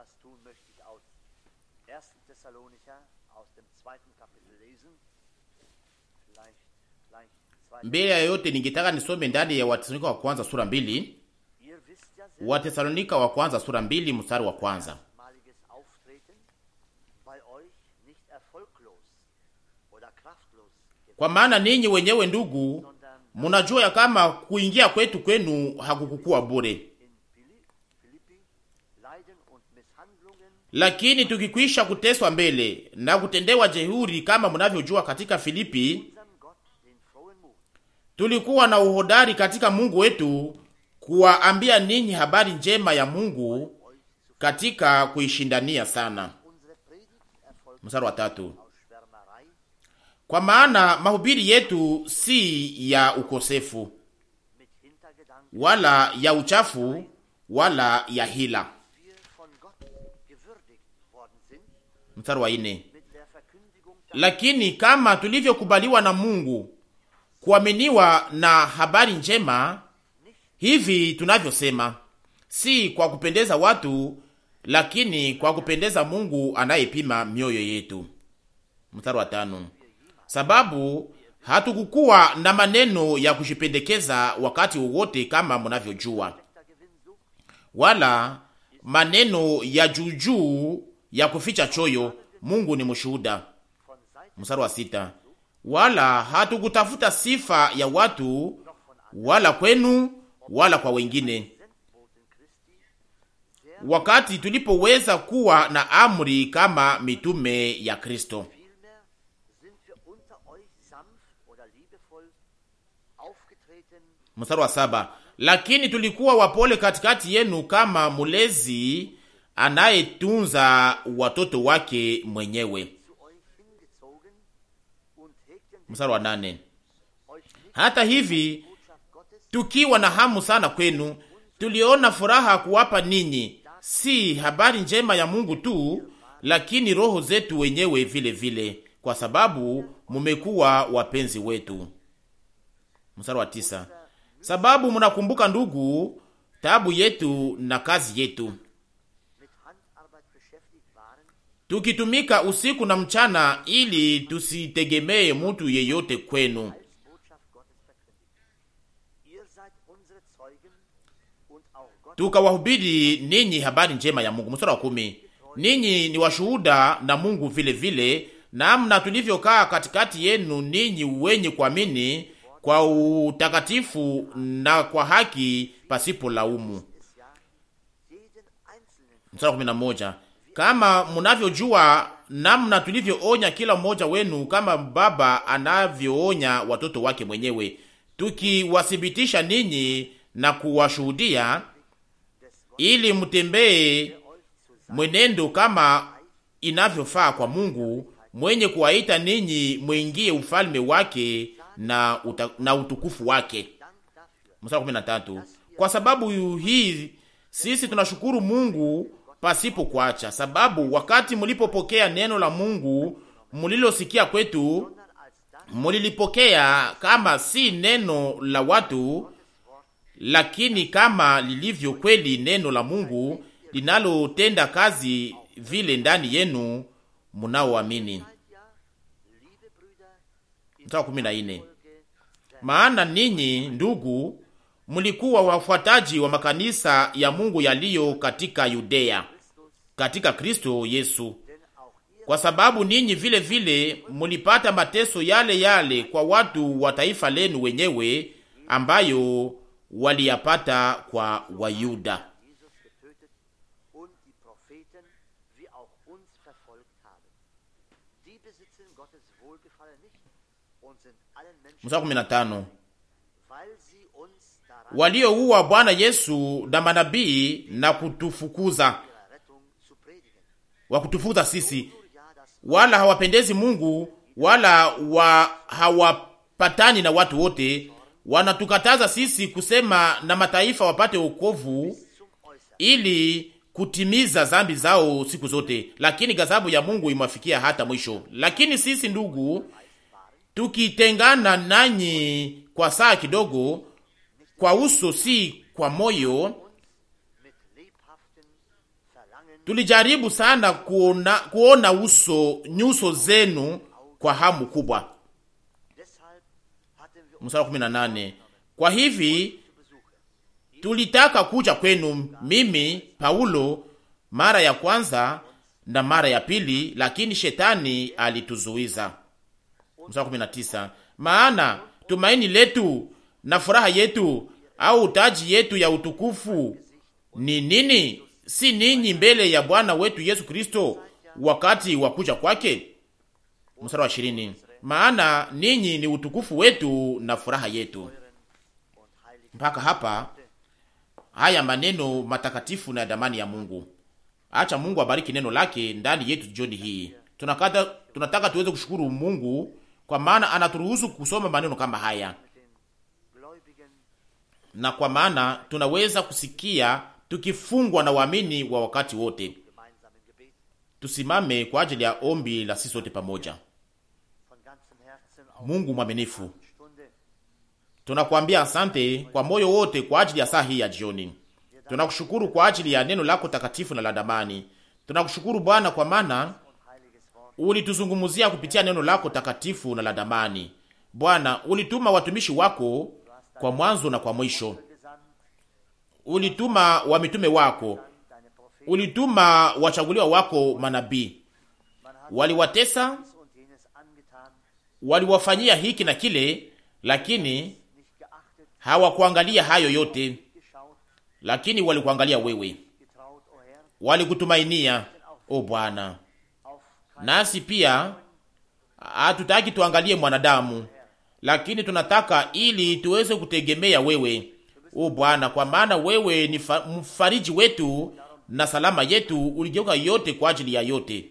das tun, möchte ich aus 1. Thessalonicher, aus dem zweiten Kapitel lesen. Vielleicht, vielleicht mbele ya yote ningetaka nisome ndani ya Watesalonika wa kwanza sura mbili. Watesalonika wa kwanza sura mbili mstari wa kwanza. Kwa maana ninyi wenyewe ndugu, munajua ya kama kuingia kwetu kwenu hakukukuwa bure, Lakini tukikwisha kuteswa mbele na kutendewa jehuri kama mnavyojua katika Filipi, tulikuwa na uhodari katika Mungu wetu kuwaambia ninyi habari njema ya Mungu katika kuishindania sana. Mstari wa tatu. Kwa maana mahubiri yetu si ya ukosefu wala ya uchafu wala ya hila mstari wa ine. Lakini kama tulivyokubaliwa na Mungu kuaminiwa na habari njema, hivi tunavyosema si kwa kupendeza watu, lakini kwa kupendeza Mungu anayepima mioyo yetu. Mstari wa tano. Sababu hatukukuwa na maneno ya kujipendekeza wakati wowote, kama mnavyojua, wala maneno ya juujuu ya kuficha choyo, Mungu ni mshuhuda. Mstari wa sita, wala hatukutafuta sifa ya watu wala kwenu wala kwa wengine, wakati tulipoweza kuwa na amri kama mitume ya Kristo. Mstari wa saba, lakini tulikuwa wapole katikati yenu kama mulezi anayetunza watoto wake mwenyewe. Msara wa nane. Hata hivi tukiwa na hamu sana kwenu, tuliona furaha kuwapa ninyi si habari njema ya Mungu tu, lakini roho zetu wenyewe vile vile, kwa sababu mumekuwa wapenzi wetu. Mstari wa tisa. Sababu mnakumbuka ndugu, taabu yetu na kazi yetu tukitumika usiku na mchana, ili tusitegemee mtu yeyote kwenu. Tukawahubiri ninyi habari njema ya Mungu. Mstari wa kumi, ninyi ni washuhuda na Mungu vile vile namna tulivyokaa katikati yenu ninyi wenye kuamini kwa utakatifu na kwa haki pasipo laumu. Mstari wa kumi na moja kama mnavyojua namna tulivyoonya kila mmoja wenu, kama baba anavyoonya watoto wake mwenyewe, tukiwathibitisha ninyi na kuwashuhudia, ili mtembee mwenendo kama inavyofaa kwa Mungu mwenye kuwaita ninyi mwingie ufalme wake na, uta, na utukufu wake. Mstari 13. Kwa sababu hii sisi tunashukuru Mungu pasipo kuacha, sababu wakati mlipopokea neno la Mungu mulilosikia kwetu, mulilipokea kama si neno la watu, lakini kama lilivyo kweli neno la Mungu linalotenda kazi vile ndani yenu munaoamini. Maana ninyi ndugu mlikuwa wafuataji wa makanisa ya Mungu yaliyo katika Yudea katika Kristo Yesu, kwa sababu ninyi vile vile mulipata mateso yale yale kwa watu wa taifa lenu wenyewe ambayo waliyapata kwa Wayuda. Mstari kumi na tano waliouwa Bwana Yesu na manabii na kutufukuza, wakutufuza sisi, wala hawapendezi Mungu wala wa hawapatani na watu wote. Wanatukataza sisi kusema na mataifa wapate wokovu ili kutimiza zambi zao siku zote, lakini ghadhabu ya Mungu imwafikia hata mwisho. Lakini sisi ndugu, tukitengana nanyi kwa saa kidogo, kwa uso, si kwa moyo. Tulijaribu sana kuona, kuona uso nyuso zenu kwa hamu kubwa. Mstari 18. Kwa hivi tulitaka kuja kwenu, mimi Paulo, mara ya kwanza na mara ya pili, lakini shetani alituzuiza. Mstari 19. Maana tumaini letu na furaha yetu au taji yetu ya utukufu ni nini? Si ninyi mbele ya Bwana wetu Yesu Kristo wakati wa kuja kwake? Mstari wa ishirini, maana ninyi ni utukufu wetu na furaha yetu. Mpaka hapa haya maneno matakatifu na damani ya Mungu. Acha Mungu abariki neno lake ndani yetu jioni hii. Tunakata, tunataka tuweze kushukuru Mungu kwa maana anaturuhusu kusoma maneno kama haya na kwa maana tunaweza kusikia tukifungwa na waamini wa wakati wote. Tusimame kwa ajili ya ombi la sisi wote pamoja. Mungu mwaminifu, tunakuambia asante kwa moyo wote kwa ajili ya saa hii ya jioni. Tunakushukuru kwa ajili ya neno lako takatifu na la damani. Tunakushukuru Bwana kwa maana ulituzungumzia kupitia neno lako takatifu na la damani. Bwana, ulituma watumishi wako kwa mwanzo na kwa mwisho. Ulituma wamitume wako, ulituma wachaguliwa wako manabii, waliwatesa, waliwafanyia hiki na kile, lakini hawakuangalia hayo yote, lakini walikuangalia wewe, walikutumainia o Bwana. Nasi pia hatutaki tuangalie mwanadamu lakini tunataka ili tuweze kutegemea wewe, o Bwana, kwa maana wewe ni mfariji wetu na salama yetu, uligeuka yote kwa ajili ya yote.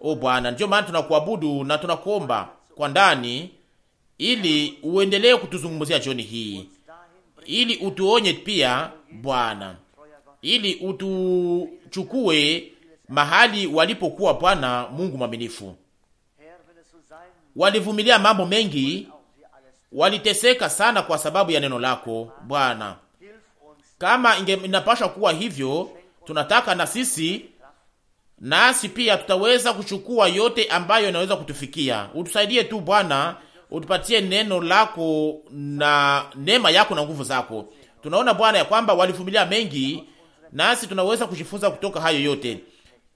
O Bwana, ndiyo maana tunakuabudu na tunakuomba kwa ndani, ili uendelee kutuzungumzia jioni hii, ili utuonye pia Bwana, ili utuchukue mahali walipokuwa Bwana Mungu mwaminifu walivumilia mambo mengi, waliteseka sana kwa sababu ya neno lako Bwana. Kama inge, inapasha kuwa hivyo, tunataka na sisi nasi pia tutaweza kuchukua yote ambayo inaweza kutufikia. Utusaidie tu Bwana, utupatie neno lako na neema yako na nguvu zako. Tunaona Bwana ya kwamba walivumilia mengi, nasi tunaweza kujifunza kutoka hayo yote.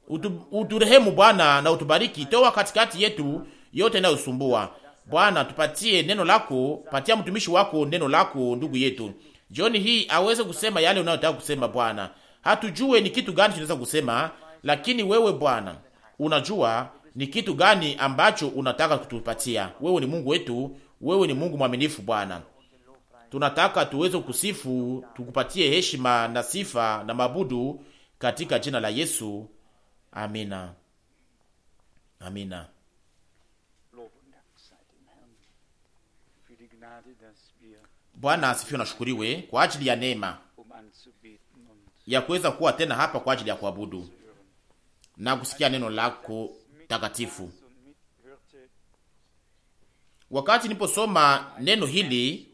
Utu, uturehemu Bwana na utubariki, toa katikati yetu yote inayosumbua. Bwana, tupatie neno lako, patia mtumishi wako neno lako, ndugu yetu jioni hii aweze kusema yale unayotaka kusema Bwana. Hatujue ni kitu gani tunaweza kusema, lakini wewe Bwana unajua ni kitu gani ambacho unataka kutupatia. Wewe ni Mungu wetu, wewe ni Mungu mwaminifu Bwana. Tunataka tuweze kusifu, tukupatie heshima na sifa na mabudu katika jina la Yesu. Amina, amina. Bwana asifiwe na shukuriwe kwa ajili ya neema ya kuweza kuwa tena hapa kwa ajili ya kuabudu na kusikia neno lako takatifu. Wakati niliposoma neno hili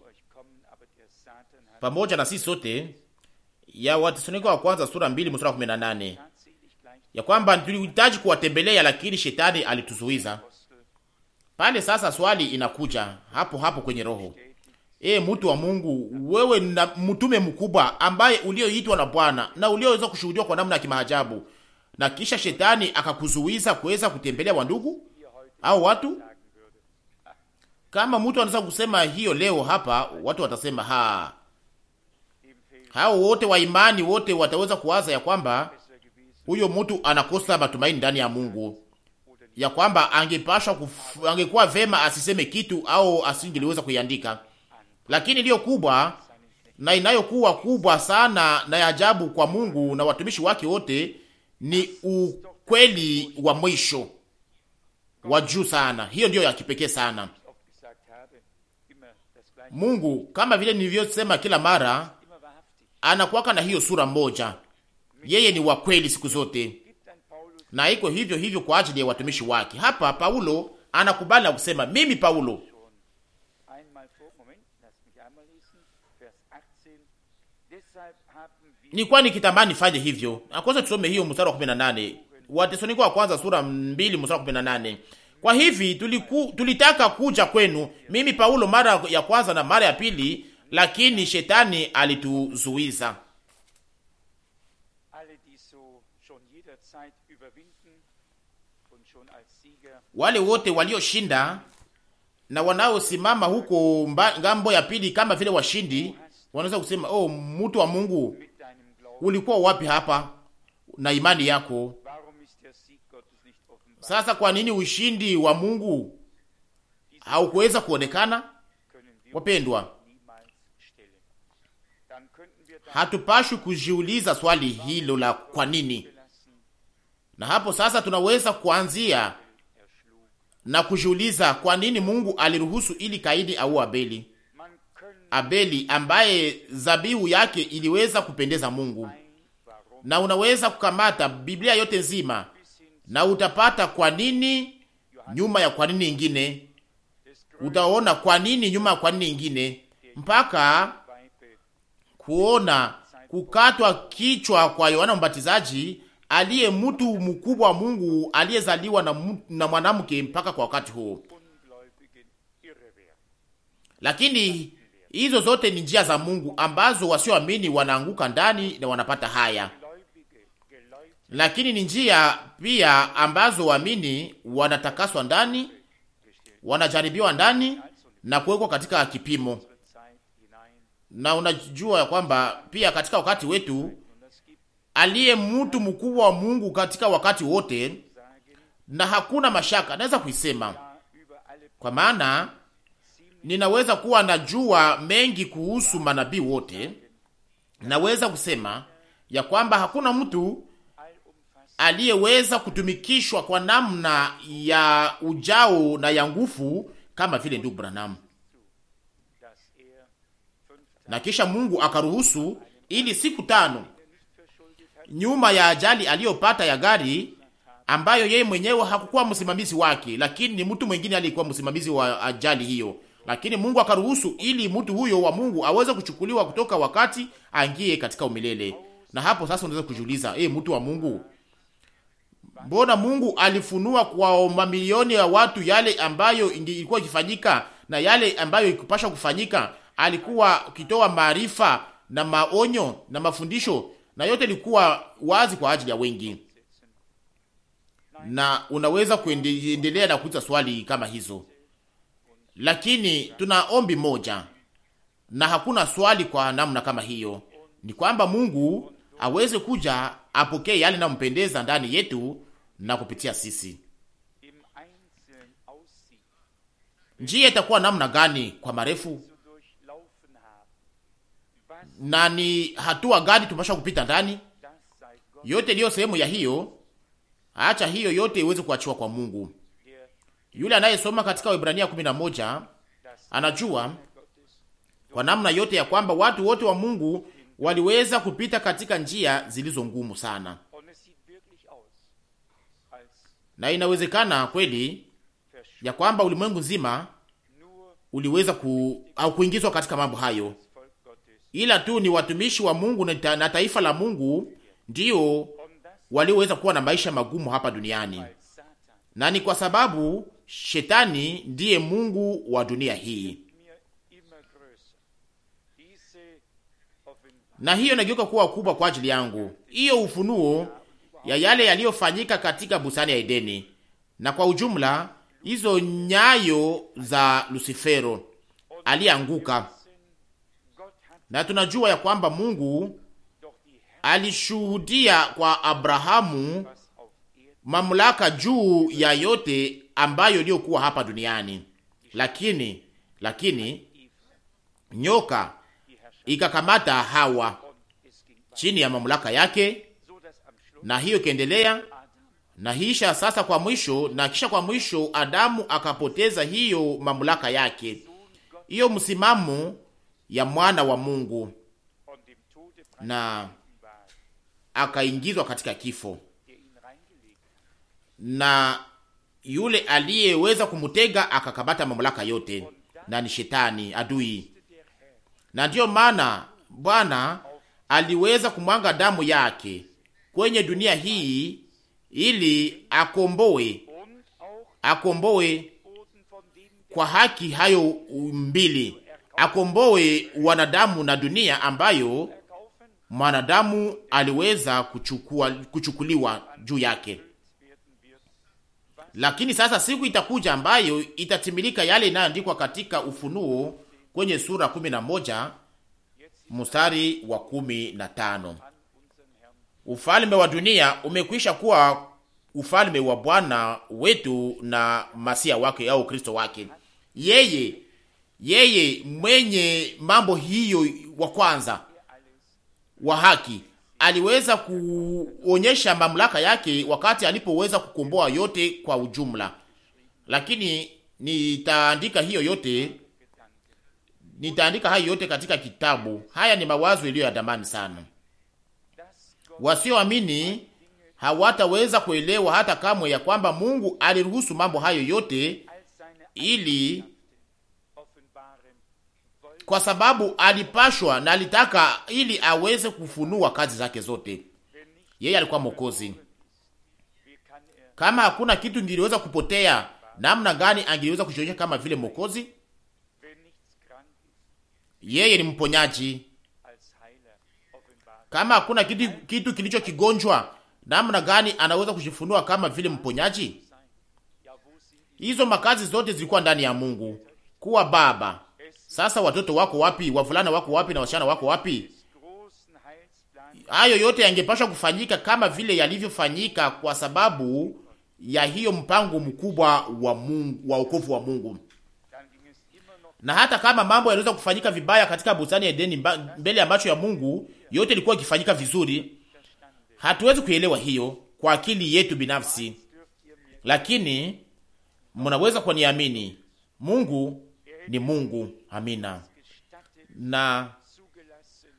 pamoja na sisi sote ya Wathesalonike wa kwanza sura 2 mstari wa 18, ya kwamba tulihitaji kuwatembelea, lakini shetani alituzuiza pale. Sasa swali inakuja hapo hapo kwenye roho E, mtu wa Mungu, wewe na mtume mkubwa ambaye ulioitwa na Bwana na ulioweza kushuhudiwa kwa namna ya kimaajabu, na kisha shetani akakuzuiza kuweza kutembelea wandugu au watu. Kama mtu anaweza kusema hiyo leo hapa, watu watasema ha, hao wote wa imani wote wataweza kuwaza ya kwamba huyo mtu anakosa matumaini ndani ya Mungu, ya kwamba angepashwa, angekuwa vema asiseme kitu au asingeliweza kuiandika lakini iliyo kubwa na inayokuwa kubwa sana na ya ajabu kwa Mungu na watumishi wake wote ni ukweli wa mwisho wa juu sana. Hiyo ndiyo ya kipekee sana. Mungu kama vile nilivyosema kila mara, anakuwaka na hiyo sura moja, yeye ni wa kweli siku zote, na iko hivyo hivyo kwa ajili ya watumishi wake. Hapa Paulo anakubali na kusema, mimi Paulo nilikuwa nikitamani nifanye hivyo. Akwanza tusome hiyo mstari wa 18. Wathesalonike wa kwanza sura 2 mstari wa 18. Kwa hivi tuliku, tulitaka kuja kwenu, mimi Paulo mara ya kwanza na mara ya pili, lakini shetani alituzuiza. Wale wote walioshinda na wanaosimama huko ngambo ya pili kama vile washindi wanaweza kusema, oh, mtu wa Mungu ulikuwa wapi hapa na imani yako? Sasa kwa nini ushindi wa Mungu haukuweza kuonekana? Wapendwa, hatupashwi kujiuliza swali hilo la kwa nini, na hapo sasa tunaweza kuanzia na kujiuliza kwa nini Mungu aliruhusu ili Kaini au Abeli. Abeli ambaye zabihu yake iliweza kupendeza Mungu, na unaweza kukamata Biblia yote nzima na utapata kwa nini nyuma ya kwa nini ingine, utaona kwa nini nyuma ya kwa nini ingine, mpaka kuona kukatwa kichwa kwa Yohana Mbatizaji aliye mtu mkubwa wa Mungu aliyezaliwa na, na mwanamke mpaka kwa wakati huo, lakini Hizo zote ni njia za Mungu ambazo wasioamini wanaanguka ndani na wanapata haya, lakini ni njia pia ambazo waamini wanatakaswa ndani, wanajaribiwa ndani na kuwekwa katika kipimo. Na unajua ya kwamba pia katika wakati wetu aliye mtu mkubwa wa Mungu katika wakati wote, na hakuna mashaka, naweza kuisema kwa maana ninaweza kuwa najua mengi kuhusu manabii wote. Naweza kusema ya kwamba hakuna mtu aliyeweza kutumikishwa kwa namna ya ujao na ya nguvu kama vile ndugu Branham, na kisha Mungu akaruhusu ili siku tano nyuma ya ajali aliyopata ya gari ambayo yeye mwenyewe hakukuwa msimamizi wake, lakini ni mtu mwingine aliyekuwa msimamizi wa ajali hiyo lakini Mungu akaruhusu ili mtu huyo wa Mungu aweze kuchukuliwa kutoka wakati angie katika umilele. Na hapo sasa unaweza kujiuliza, e, mtu wa Mungu, mbona Mungu alifunua kwa mamilioni ya watu yale ambayo ilikuwa ikifanyika na yale ambayo ikupasha kufanyika? Alikuwa akitoa maarifa na maonyo na mafundisho, na yote ilikuwa wazi kwa ajili ya wengi. Na unaweza kuendelea na kuuliza swali kama hizo lakini tuna ombi moja, na hakuna swali kwa namna kama hiyo, ni kwamba Mungu aweze kuja apokee yale mpendeza ndani yetu na kupitia sisi. Njia itakuwa namna gani? Kwa marefu na ni hatua gani tumesha kupita ndani? Yote iliyo sehemu ya hiyo, acha hiyo yote iweze kuachiwa kwa Mungu. Yule anayesoma katika Waebrania 11 anajua kwa namna yote ya kwamba watu wote wa Mungu waliweza kupita katika njia zilizo ngumu sana, na inawezekana kweli ya kwamba ulimwengu nzima uliweza ku, au kuingizwa katika mambo hayo, ila tu ni watumishi wa Mungu na taifa la Mungu ndio walioweza kuwa na maisha magumu hapa duniani, na ni kwa sababu shetani ndiye mungu wa dunia hii, na hiyo inageuka kuwa kubwa kwa ajili yangu. Hiyo ufunuo ya yale yaliyofanyika katika bustani ya Edeni na kwa ujumla hizo nyayo za Lusifero alianguka, na tunajua ya kwamba Mungu alishuhudia kwa Abrahamu mamlaka juu ya yote ambayo iliyokuwa hapa duniani. Lakini lakini nyoka ikakamata Hawa chini ya mamlaka yake, na hiyo ikaendelea na hisha sasa kwa mwisho, na kisha kwa mwisho Adamu akapoteza hiyo mamlaka yake, hiyo msimamo ya mwana wa Mungu, na akaingizwa katika kifo na yule aliyeweza kumutega akakabata mamlaka yote, na ni shetani adui. Na ndiyo maana Bwana aliweza kumwanga damu yake kwenye dunia hii ili akomboe, akomboe kwa haki hayo mbili, akomboe wanadamu na dunia ambayo mwanadamu aliweza kuchukua, kuchukuliwa juu yake lakini sasa siku itakuja ambayo itatimilika yale inayoandikwa katika Ufunuo kwenye sura 11 mstari wa 15: ufalme wa dunia umekwisha kuwa ufalme wa Bwana wetu na masia wake au Kristo wake. Yeye yeye mwenye mambo hiyo wa kwanza wa haki aliweza kuonyesha mamlaka yake wakati alipoweza kukomboa yote kwa ujumla, lakini nitaandika hiyo yote, nitaandika hayo yote katika kitabu. Haya ni mawazo iliyo ya damani sana. Wasioamini hawataweza kuelewa hata kamwe ya kwamba Mungu aliruhusu mambo hayo yote ili kwa sababu alipashwa na alitaka ili aweze kufunua kazi zake zote. Yeye alikuwa Mwokozi. Kama hakuna kitu ngiliweza kupotea, namna gani angeliweza kujionyesha kama vile Mwokozi? Yeye ni mponyaji. Kama hakuna kitu, kitu kilicho kigonjwa, namna gani anaweza kujifunua kama vile mponyaji? Hizo makazi zote zilikuwa ndani ya Mungu, kuwa Baba, sasa watoto wako wapi? Wavulana wako wapi? Na wasichana wako wapi? Hayo yote yangepashwa kufanyika kama vile yalivyofanyika kwa sababu ya hiyo mpango mkubwa wa Mungu, wa wokovu wa Mungu. Na hata kama mambo yaliweza kufanyika vibaya katika bustani ya Edeni mbele ya macho ya Mungu, yote ilikuwa ikifanyika vizuri. Hatuwezi kuelewa hiyo kwa akili yetu binafsi, lakini mnaweza kuniamini, Mungu ni Mungu. Amina. Na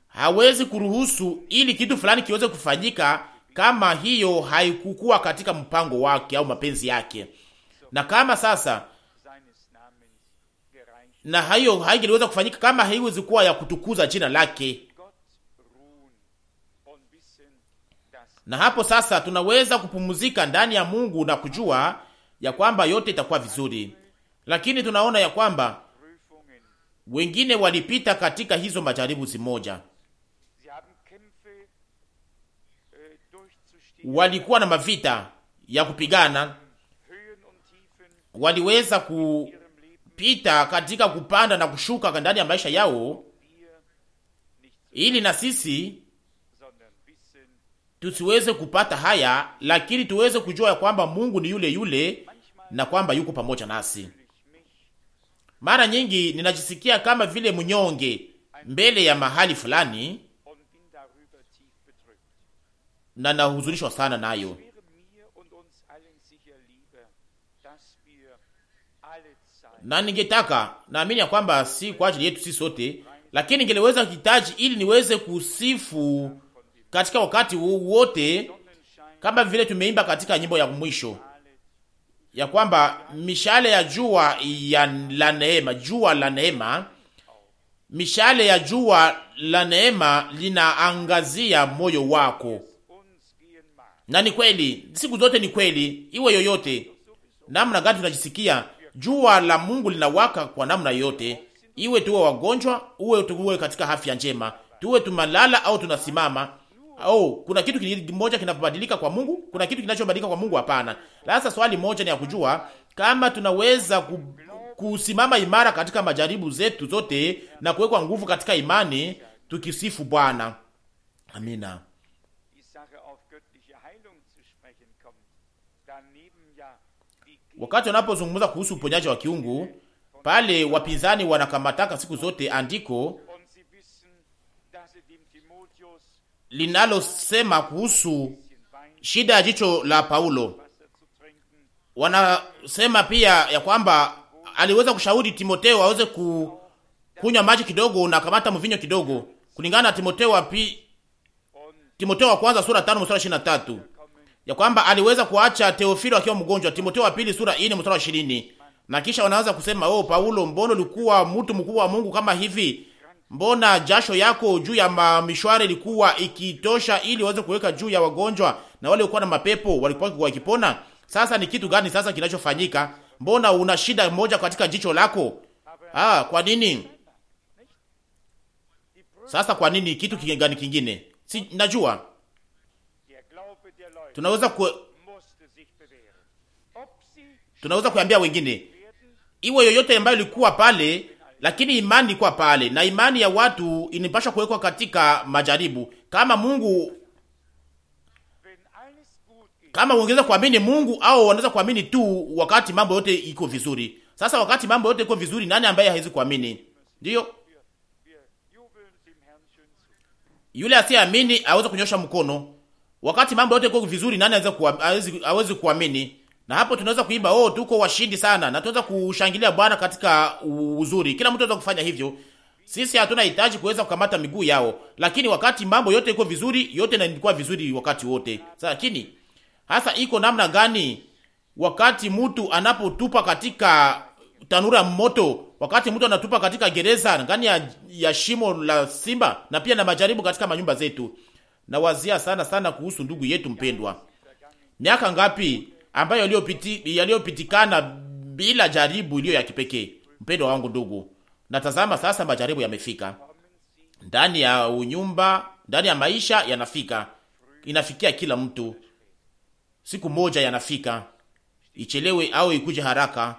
hawezi kuruhusu ili kitu fulani kiweze kufanyika kama hiyo haikukuwa katika mpango wake au mapenzi yake, na kama sasa na hayo haingeliweza kufanyika kama haiwezi kuwa ya kutukuza jina lake. Na hapo sasa tunaweza kupumzika ndani ya Mungu na kujua ya kwamba yote itakuwa vizuri, lakini tunaona ya kwamba wengine walipita katika hizo majaribu moja, äh, walikuwa na mavita ya kupigana, waliweza kupita katika kupanda na kushuka ndani ya maisha yao, ili na sisi tusiweze kupata haya, lakini tuweze kujua ya kwamba Mungu ni yule yule na kwamba yuko pamoja nasi. Mara nyingi ninajisikia kama vile mnyonge mbele ya mahali fulani, na nahuzunishwa sana nayo. Na ningetaka naamini ya kwamba si kwa ajili yetu si sote, lakini ningeleweza kuhitaji ili niweze kusifu katika wakati wote, kama vile tumeimba katika nyimbo ya mwisho ya kwamba mishale ya jua ya la neema, jua la neema, mishale ya jua la neema linaangazia moyo wako. Na ni kweli, siku zote ni kweli, iwe yoyote namna gani tunajisikia, jua la Mungu linawaka kwa namna yoyote, iwe tuwe wagonjwa, uwe tuwe katika afya njema, tuwe tumalala au tunasimama Oh, kuna kitu kimoja kinabadilika kwa Mungu? Kuna kitu kinachobadilika kwa Mungu? Hapana. Sasa swali moja ni ya kujua kama tunaweza ku, kusimama imara katika majaribu zetu zote na kuwekwa nguvu katika imani tukisifu Bwana. Amina. Wakati wanapozungumza kuhusu uponyaji wa kiungu, pale wapinzani wanakamataka siku zote andiko linalosema kuhusu shida ya jicho la Paulo. Wanasema pia ya kwamba aliweza kushauri Timoteo aweze kunywa maji kidogo na kamata mvinyo kidogo, kulingana na Timoteo wa pi... Timoteo wa kwanza sura 5 mstari 23, ya kwamba aliweza kuacha Teofilo akiwa mgonjwa. Timoteo wa pili sura 4 mstari wa 20. Na kisha wanaanza kusema oh, Paulo, mbona ulikuwa mtu mkubwa wa Mungu kama hivi Mbona jasho yako juu ya mishwara ilikuwa ikitosha ili waweze kuweka juu ya wagonjwa na wale walikuwa na mapepo walikuwa wakipona? Sasa ni kitu gani sasa kinachofanyika? Mbona una shida moja katika jicho lako? Ah, kwa nini? Sasa kwa nini kitu kingani kingine? Si najua. Tunaweza ku Tunaweza kuambia wengine. Iwe yoyote ambayo ilikuwa pale lakini imani kwa pale, na imani ya watu inipasha kuwekwa katika majaribu. Kama Mungu kama ungeweza kuamini Mungu au wanaweza kuamini tu wakati mambo yote iko vizuri. Sasa wakati mambo yote iko vizuri, nani ambaye hawezi kuamini? Ndiyo, yule asiyeamini aweze kunyosha mkono. Wakati mambo yote iko vizuri, nani hawezi kuamini? na hapo tunaweza kuimba oh, tuko washindi sana, na tunaweza kushangilia Bwana katika uzuri. Kila mtu anaweza kufanya hivyo. Sisi hatuna hitaji kuweza kukamata miguu yao, lakini wakati mambo yote iko vizuri, yote na ilikuwa vizuri wakati wote. Sasa lakini hasa iko namna gani wakati mtu anapotupa katika tanura moto, wakati mtu anatupa katika gereza ndani ya, ya shimo la simba, na pia na majaribu katika manyumba zetu. Nawazia sana sana kuhusu ndugu yetu mpendwa, miaka ngapi ambayo yaliyopiti yaliyopitikana bila jaribu iliyo ya kipekee. Mpendo wangu ndugu, natazama sasa majaribu yamefika ndani ya unyumba, ndani ya maisha yanafika, inafikia kila mtu, siku moja yanafika, ichelewe au ikuje haraka.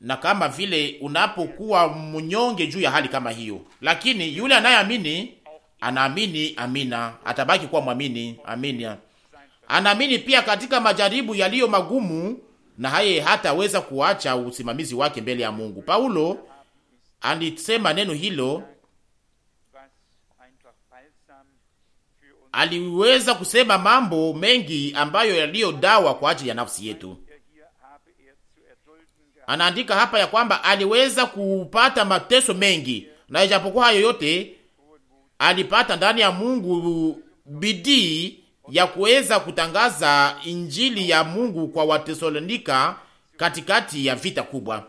Na kama vile unapokuwa mnyonge juu ya hali kama hiyo, lakini yule anayeamini anaamini, amina, atabaki kuwa mwamini, amina. Anaamini pia katika majaribu yaliyo magumu, na haye hataweza kuacha usimamizi wake mbele ya Mungu. Paulo alisema neno hilo, aliweza kusema mambo mengi ambayo yaliyo dawa kwa ajili ya nafsi yetu. Anaandika hapa ya kwamba aliweza kupata mateso mengi, na ijapokuwa hayo yote alipata ndani ya Mungu bidii ya kuweza kutangaza injili ya Mungu kwa Watesalonika katikati ya vita kubwa.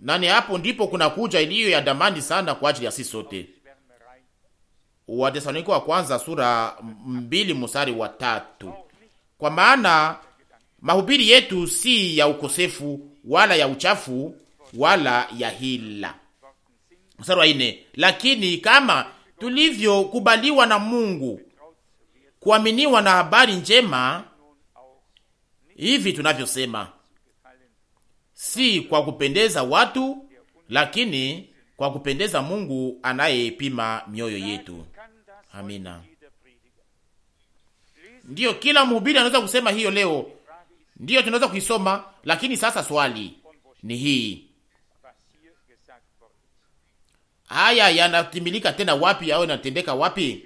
Nani hapo ndipo kuna kuja iliyo ya damani sana kwa ajili ya sisi sote. Watesalonika wa kwanza sura mbili mstari wa tatu. Kwa maana mahubiri yetu si ya ukosefu wala ya uchafu wala ya hila mstari wa Lakini kama tulivyokubaliwa na Mungu kuaminiwa na habari njema, hivi tunavyosema si kwa kupendeza watu, lakini kwa kupendeza Mungu anayepima mioyo yetu. Amina. Ndiyo, kila mhubiri anaweza kusema hiyo leo, ndiyo tunaweza kuisoma. Lakini sasa swali ni hii: haya yanatimilika tena wapi au yanatendeka wapi?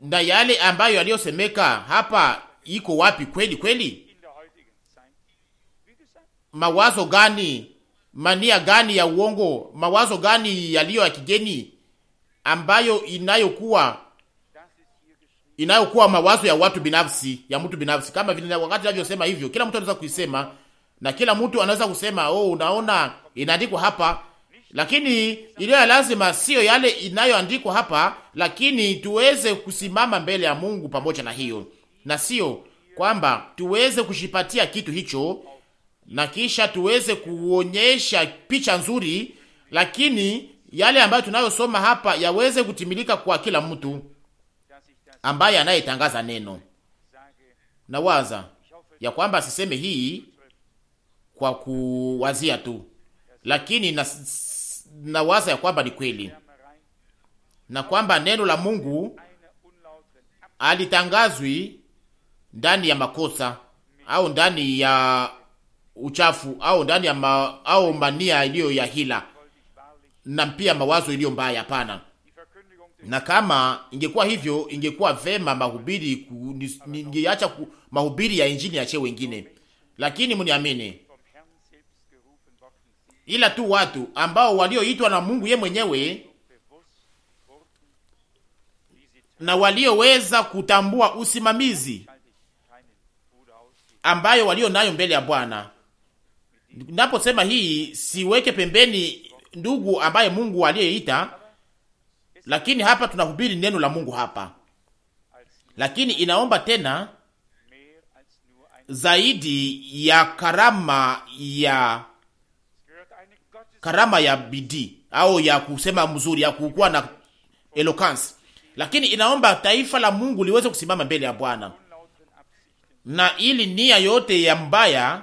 Na yale ambayo yaliyosemeka hapa iko wapi kweli kweli? Mawazo gani, mania gani ya uongo, mawazo gani yaliyo ya kigeni ambayo inayokuwa inayokuwa mawazo ya watu binafsi ya mtu binafsi, kama vile wakati navyosema hivyo, kila mtu anaweza kuisema na kila mtu anaweza kusema oh, unaona inaandikwa hapa lakini iliyo ya lazima siyo yale inayoandikwa hapa, lakini tuweze kusimama mbele ya Mungu pamoja na hiyo, na sio kwamba tuweze kushipatia kitu hicho na kisha tuweze kuonyesha picha nzuri, lakini yale ambayo tunayosoma hapa yaweze kutimilika kwa kila mtu ambaye anayetangaza neno. Na waza ya kwamba siseme hii kwa kuwazia tu, lakini na na waza ya kwamba ni kweli na kwamba neno la Mungu alitangazwi ndani ya makosa au ndani ya uchafu au ndani ya ma, au mania iliyo ya hila na pia mawazo iliyo mbaya. Hapana. Na kama ingekuwa hivyo, ingekuwa vema mahubiri ku, ningeacha mahubiri ya injili ya wengine, lakini mniamini ila tu watu ambao walioitwa na Mungu ye mwenyewe na walioweza kutambua usimamizi ambayo walio nayo mbele ya Bwana. Naposema hii, siweke pembeni ndugu ambaye Mungu aliyeita, lakini hapa tunahubiri neno la Mungu hapa, lakini inaomba tena zaidi ya karama ya karama ya bidii au ya kusema mzuri, ya kukuwa na eloquence, lakini inaomba taifa la Mungu liweze kusimama mbele ya Bwana na ili nia yote ya mbaya,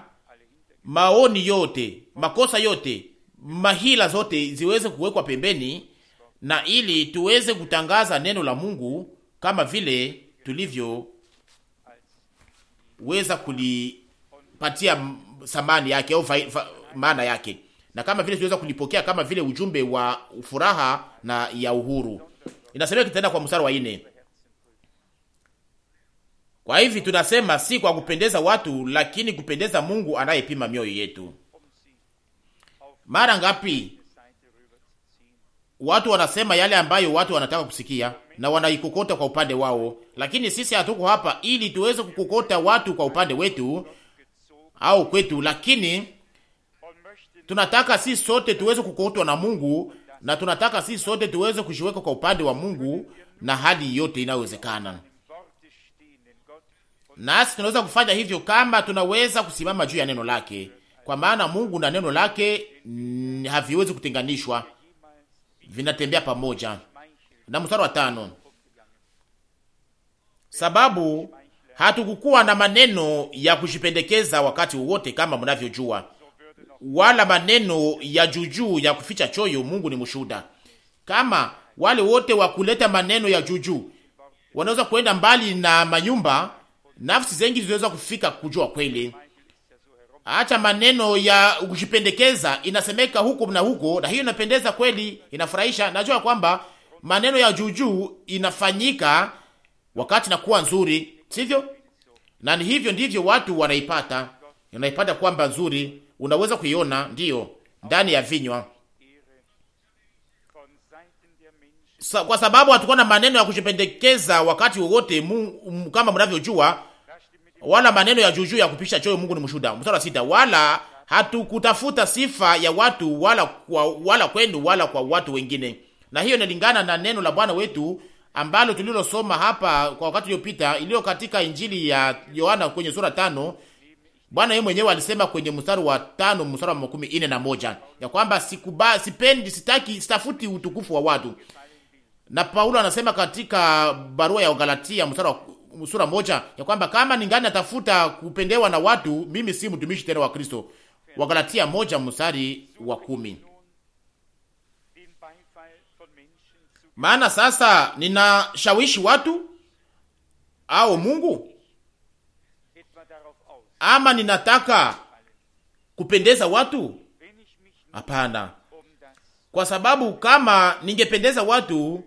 maoni yote, makosa yote, mahila zote ziweze kuwekwa pembeni, na ili tuweze kutangaza neno la Mungu kama vile tulivyo weza kulipatia samani yake au maana yake na kama vile tuliweza kulipokea kama vile ujumbe wa furaha na ya uhuru. Inasemeka kitenda kwa mstari wa nne. Kwa hivi tunasema si kwa kupendeza watu, lakini kupendeza Mungu anayepima mioyo yetu. Mara ngapi watu wanasema yale ambayo watu wanataka kusikia na wanaikokota kwa upande wao, lakini sisi hatuko hapa ili tuweze kukokota watu kwa upande wetu au kwetu, lakini Tunataka si sote tuweze kukutwa na Mungu na tunataka si sote tuweze kushiweka kwa upande wa Mungu na hali yote inayowezekana. Nasi tunaweza kufanya hivyo kama tunaweza kusimama juu ya neno lake, kwa maana Mungu na neno lake mm, haviwezi kutenganishwa, vinatembea pamoja. Na mstari wa tano, sababu hatukukuwa na maneno ya kujipendekeza wakati wowote, kama mnavyojua wala maneno ya juujuu ya kuficha choyo. Mungu ni mshuhuda. Kama wale wote wa kuleta maneno ya juujuu wanaweza kuenda mbali na manyumba, nafsi zengi zinaweza kufika kujua kweli. Acha maneno ya kujipendekeza, inasemeka huko na huko, na hiyo inapendeza kweli, inafurahisha. Najua kwamba maneno ya juujuu inafanyika wakati na kuwa nzuri, sivyo? Na ni hivyo ndivyo watu wanaipata, wanaipata kwamba nzuri unaweza kuiona ndiyo ndani ya vinywa, kwa sababu hatukuwa na maneno ya kujipendekeza wakati wowote, kama mnavyojua, wala maneno ya juujuu ya kupisha choyo. Mungu ni mshuhuda. Mstari wa sita, wala hatukutafuta sifa ya watu wala kwa, wala kwenu wala kwa watu wengine, na hiyo inalingana na neno la Bwana wetu ambalo tulilosoma hapa kwa wakati uliopita, iliyo katika Injili ya Yohana kwenye sura tano Bwana yeye mwenyewe alisema kwenye mstari wa tano mstari wa makumi ine na moja ya kwamba sikuba, sipendi, sitaki, sitafuti utukufu wa watu. Na Paulo anasema katika barua ya Galatia mstari wa sura moja ya kwamba kama ningani natafuta kupendewa na watu, mimi si mtumishi tena wa Kristo. Wagalatia moja mstari wa kumi. Maana sasa ninashawishi watu au Mungu? ama ninataka kupendeza watu? Hapana, kwa sababu kama ningependeza watu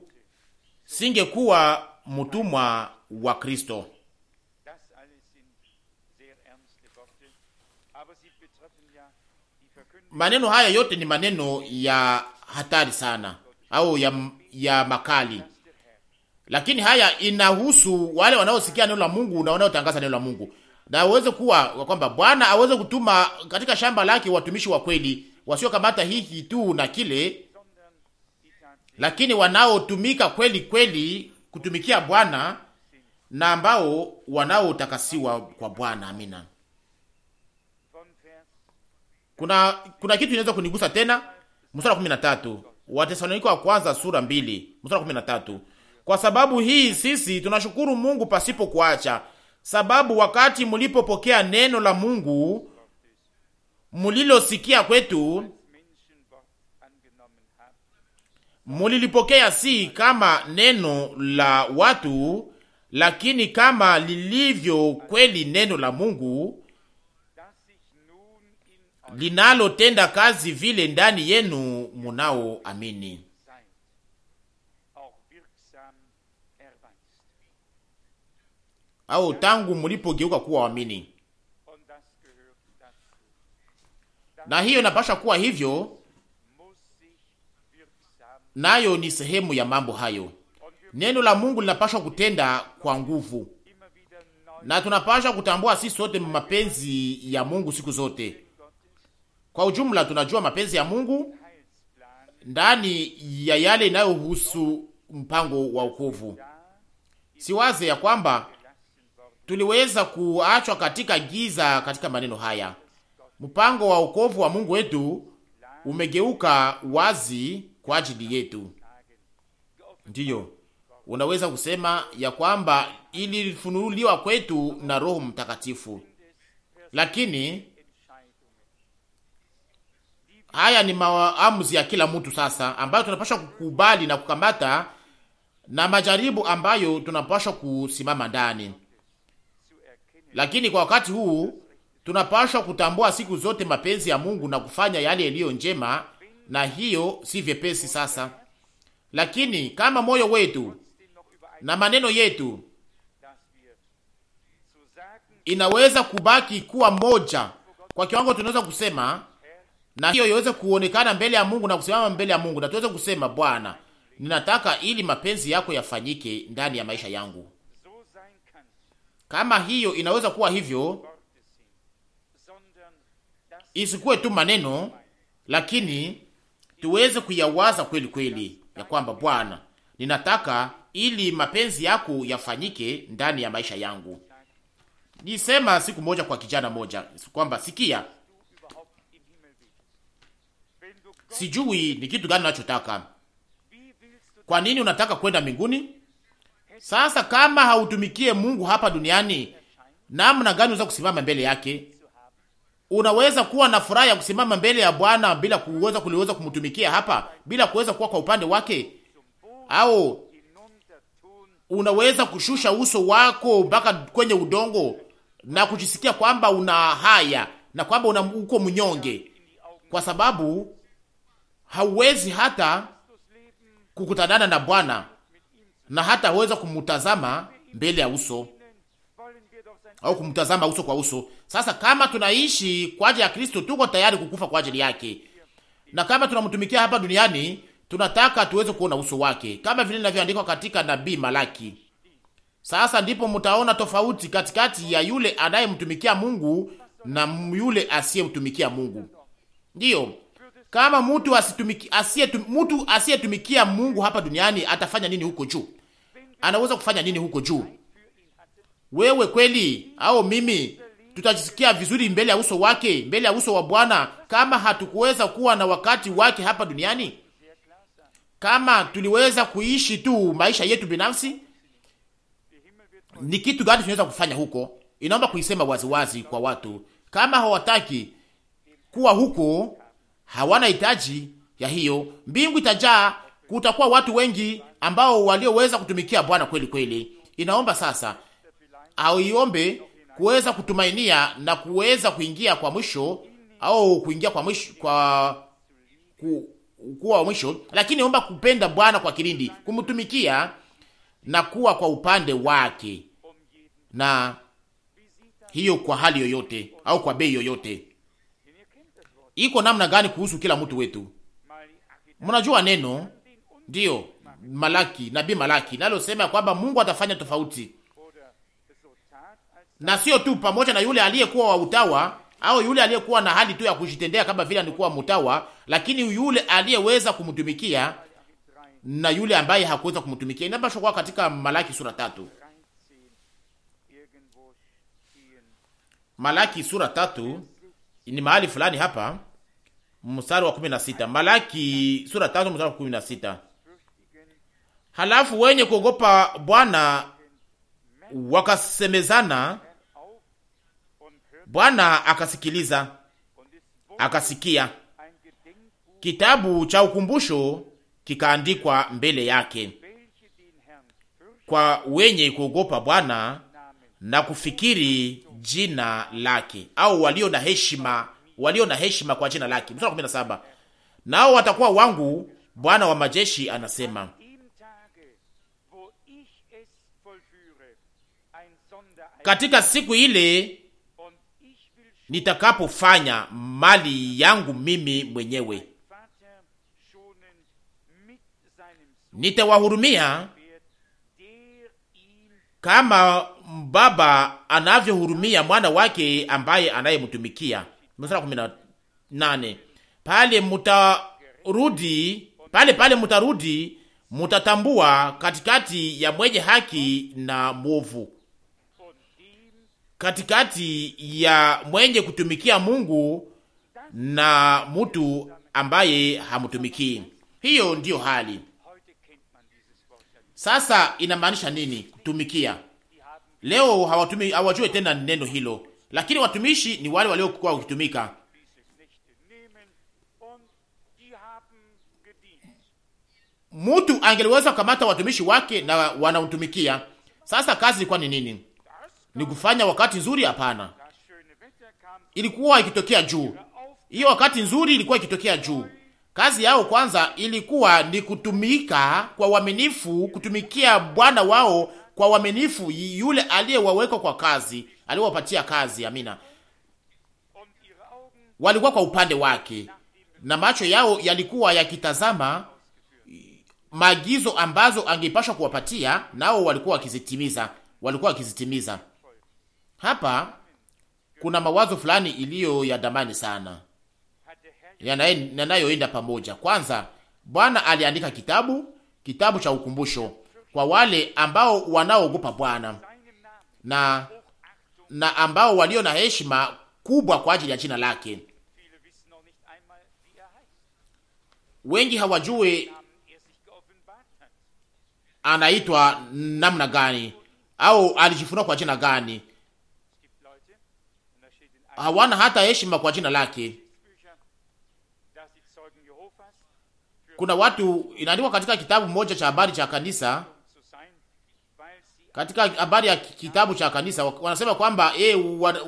singekuwa mtumwa wa Kristo. Maneno haya yote ni maneno ya hatari sana au ya, ya makali, lakini haya inahusu wale wanaosikia neno la Mungu na wanaotangaza neno la Mungu na aweze kuwa kwamba Bwana aweze kutuma katika shamba lake watumishi wa kweli wasiokamata hiki tu na kile, lakini wanaotumika kweli kweli kutumikia Bwana na ambao wanaotakasiwa kwa Bwana. Amina. Kuna kuna kitu inaweza kunigusa tena, mstari wa 13 wa Tesalonika wa kwanza sura mbili mstari wa 13, kwa sababu hii sisi tunashukuru Mungu pasipo kuacha sababu wakati mulipopokea neno la Mungu mulilosikia kwetu, mulilipokea si kama neno la watu, lakini kama lilivyo kweli neno la Mungu linalotenda kazi vile ndani yenu munao amini au tangu mlipogeuka kuwa waamini, na hiyo inapasha kuwa hivyo, nayo ni sehemu ya mambo hayo. Neno la Mungu linapashwa kutenda kwa nguvu, na tunapasha kutambua sisi sote mapenzi ya Mungu siku zote. Kwa ujumla, tunajua mapenzi ya Mungu ndani ya yale inayohusu mpango wa wokovu. Siwaze ya kwamba tuliweza kuachwa katika giza katika maneno haya. Mpango wa wokovu wa Mungu wetu umegeuka wazi kwa ajili yetu. Ndiyo, unaweza kusema ya kwamba ilifunuliwa kwetu na Roho Mtakatifu, lakini haya ni maamuzi ya kila mtu sasa, ambayo tunapashwa kukubali na kukamata, na majaribu ambayo tunapashwa kusimama ndani. Lakini kwa wakati huu tunapaswa kutambua siku zote mapenzi ya Mungu na kufanya yale yaliyo njema, na hiyo si vyepesi sasa. Lakini kama moyo wetu na maneno yetu inaweza kubaki kuwa moja kwa kiwango, tunaweza kusema na hiyo iweze kuonekana mbele ya Mungu na kusimama mbele ya Mungu, na tuweze kusema Bwana, ninataka ili mapenzi yako yafanyike ndani ya maisha yangu. Kama hiyo inaweza kuwa hivyo, isikuwe tu maneno, lakini tuweze kuyawaza kweli kweli, ya kwamba Bwana, ninataka ili mapenzi yako yafanyike ndani ya maisha yangu. Nisema siku moja kwa kijana moja kwamba sikia, sijui ni kitu gani unachotaka. Kwa nini unataka kwenda mbinguni? Sasa kama hautumikie Mungu hapa duniani, namna gani unaweza kusimama mbele yake? Unaweza kuwa na furaha ya kusimama mbele ya Bwana bila kuweza kuliweza kumtumikia hapa, bila kuweza kuwa kwa upande wake? Au unaweza kushusha uso wako mpaka kwenye udongo na kujisikia kwamba una haya na kwamba una uko mnyonge, kwa sababu hauwezi hata kukutanana na Bwana na hata hataweza kumtazama mbele ya uso au kumtazama uso kwa uso. Sasa kama tunaishi kwa ajili ya Kristo, tuko tayari kukufa kwa ajili yake, na kama tunamtumikia hapa duniani, tunataka tuweze kuona uso wake, kama vile inavyoandikwa katika nabii Malaki. Sasa ndipo mtaona tofauti katikati ya yule anayemtumikia Mungu na yule asiyemtumikia Mungu. Ndiyo, kama mtu asiyetumikia Mungu hapa duniani atafanya nini huko juu? anaweza kufanya nini huko juu? Wewe kweli au mimi tutajisikia vizuri mbele ya uso wake, mbele ya uso wa Bwana, kama hatukuweza kuwa na wakati wake hapa duniani, kama tuliweza kuishi tu maisha yetu binafsi? Ni kitu gani tunaweza kufanya huko? Inaomba kuisema waziwazi kwa watu, kama hawataki kuwa huko, hawana hitaji ya hiyo. Mbingu itajaa kutakuwa watu wengi ambao walioweza kutumikia Bwana kweli kweli. Inaomba sasa iombe kuweza kutumainia na kuweza kuingia kwa mwisho au kuingia kwa mwisho kwa ku, kuwa mwisho, lakini omba kupenda Bwana kwa kilindi, kumtumikia na kuwa kwa upande wake, na hiyo kwa hali yoyote au kwa bei yoyote. Iko namna gani kuhusu kila mtu wetu? Mnajua neno ndiyo Malaki, nabii Malaki nalosema kwamba Mungu atafanya tofauti, na sio tu pamoja na yule aliyekuwa wa utawa au yule aliyekuwa na hali tu ya kujitendea kama vile alikuwa mtawa, lakini yule aliyeweza kumtumikia na yule ambaye hakuweza kumtumikia. Inapaswa kuwa katika Malaki sura tatu, Malaki sura tatu ni mahali fulani hapa, mstari wa 16, Malaki sura tatu mstari wa 16. Halafu wenye kuogopa Bwana wakasemezana, Bwana akasikiliza, akasikia. Kitabu cha ukumbusho kikaandikwa mbele yake kwa wenye kuogopa Bwana na kufikiri jina lake, au walio na heshima, walio na heshima kwa jina lake. Mstari wa 17, nao watakuwa wangu, Bwana wa majeshi anasema. katika siku ile nitakapofanya mali yangu mimi mwenyewe, nitawahurumia kama baba anavyohurumia mwana wake ambaye anayemtumikia. Mstari kumi na nane pale mutarudi, pale pale mutarudi, mutatambua katikati ya mwenye haki na mwovu katikati ya mwenye kutumikia Mungu na mtu ambaye hamtumikii. Hiyo ndiyo hali sasa. Inamaanisha nini kutumikia? Leo hawatumi hawajue tena neno hilo, lakini watumishi ni wale waliokuwa wakitumika Mutu angeliweza kukamata watumishi wake na wanamtumikia. Sasa kazi ilikuwa ni nini? ni kufanya wakati nzuri? Hapana, ilikuwa ikitokea juu. Hiyo wakati nzuri ilikuwa ikitokea juu. Kazi yao kwanza ilikuwa ni kutumika kwa uaminifu, kutumikia bwana wao kwa uaminifu, yule aliyewaweka kwa kazi, aliyowapatia kazi. Amina, walikuwa kwa upande wake na macho yao yalikuwa yakitazama maagizo ambazo angepashwa kuwapatia, nao walikuwa wakizitimiza, walikuwa wakizitimiza. Hapa kuna mawazo fulani iliyo ya damani sana yanayoenda pamoja. Kwanza, Bwana aliandika kitabu, kitabu cha ukumbusho kwa wale ambao wanaogopa Bwana na na ambao walio na heshima kubwa kwa ajili ya jina lake. Wengi hawajui anaitwa namna gani au alijifunua kwa jina gani hawana hata heshima kwa jina lake. Kuna watu inaandikwa katika kitabu moja cha habari cha kanisa, katika habari ya kitabu cha kanisa wanasema kwamba eh,